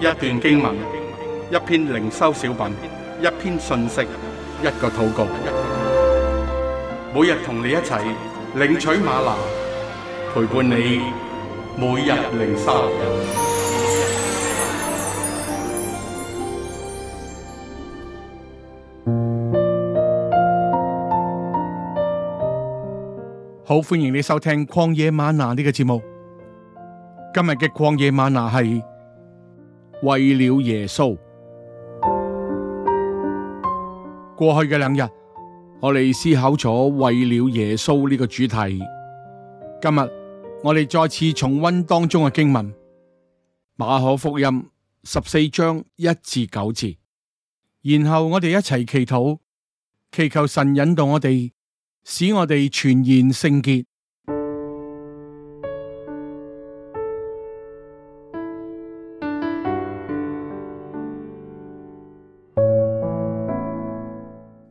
一段經文，一篇靈修小品，一篇信息，一個禱告。每日同你一齊領取嗎哪，陪伴你每日靈修。好，歡迎你收聽《曠野嗎哪》呢個節目。今日嘅《曠野嗎哪》係。為了耶穌，過去嘅兩日，我哋思考咗為了耶穌呢個主題。今日我哋再次重溫當中嘅經文，馬可福音十四章一至九節，然後我哋一齊祈禱，祈求神引導我哋，使我哋全然聖潔。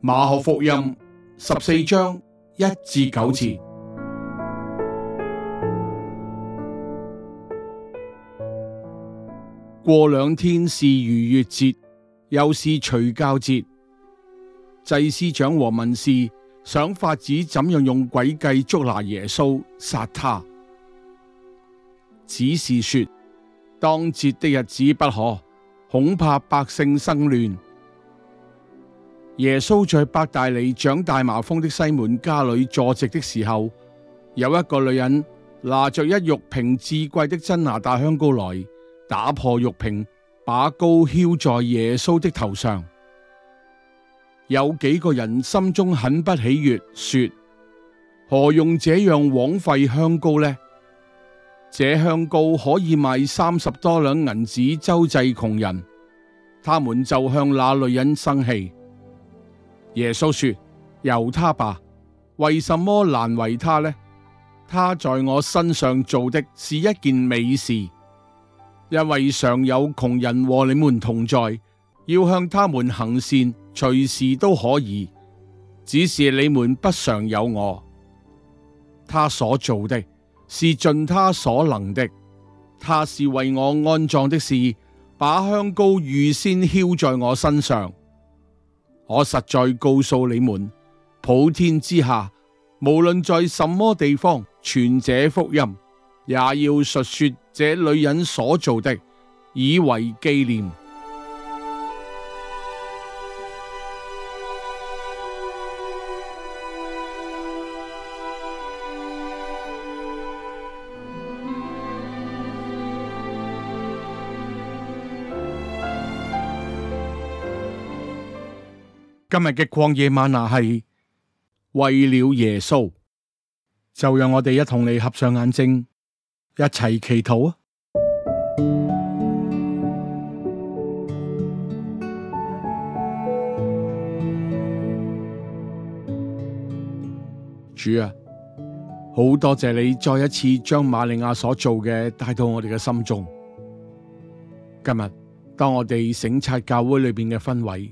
馬可福音十四章一至九節。過兩天是逾越節，又是除酵節。祭司長和文士想法子怎樣用詭計捉拿耶穌，殺他。只是說當節的日子不可，恐怕百姓生亂。耶穌在伯大尼長大麻風的西門家裏坐席的時候，有一個女人拿着一玉瓶至貴的真哪噠香膏來，打破玉瓶，把膏澆在耶穌的頭上。有幾個人心中很不喜悅，說：何用這樣枉費香膏呢？這香膏可以賣三十多兩銀子，周濟窮人。他們就向那女人生氣。耶穌說：由他吧，為什麼難為他呢？他在我身上做的是一件美事，因為常有窮人和你們同在，要向他們行善，隨時都可以。只是你們不常有我。他所做的是盡他所能的，他是為我安葬的事，把香膏預先澆在我身上。我實在告訴你們，普天之下，無論在什麼地方，傳這福音，也要述說這女人所做的，以為紀念。今日嘅曠野嗎哪，係為了耶穌，就讓我哋一同你合上眼睛，一齊祈禱啊！ 主啊，好多謝你再一次將瑪利亞所做嘅帶到我哋嘅心中。今日當我哋省察教會裏邊嘅氛圍，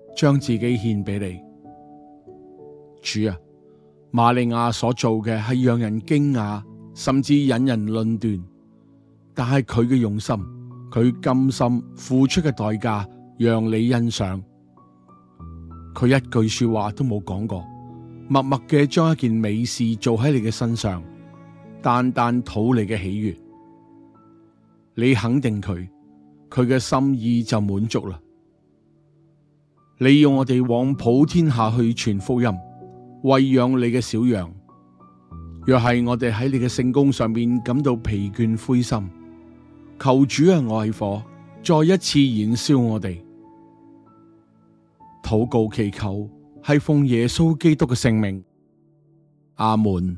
將自己獻俾你，主啊，瑪利亞所做嘅係讓人驚訝，甚至引人論斷，但係佢嘅用心，佢甘心付出嘅代價，讓你欣賞。佢一句說話都冇講過，默默嘅將一件美事做喺你嘅身上，單單討你嘅喜悅，你肯定佢，佢嘅心意就滿足啦。你要我哋往普天下去傳福音，餵養你嘅小羊。若係我哋喺你嘅聖工上面感到疲倦灰心，求主啊，愛火再一次燃燒我哋。禱告祈求係奉耶穌基督嘅聖名。阿門。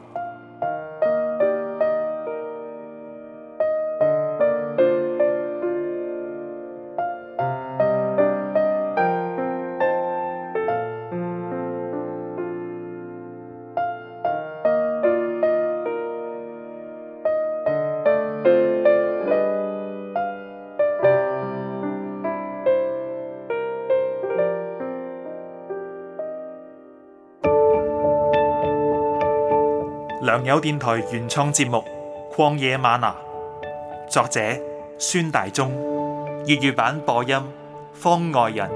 良友電台原創節目《曠野嗎哪》，作者孫大中，粵語版播音方外人，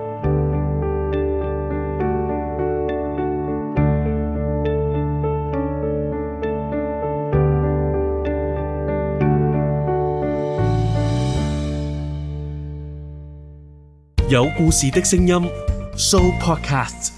有故事的聲音，Show Podcast。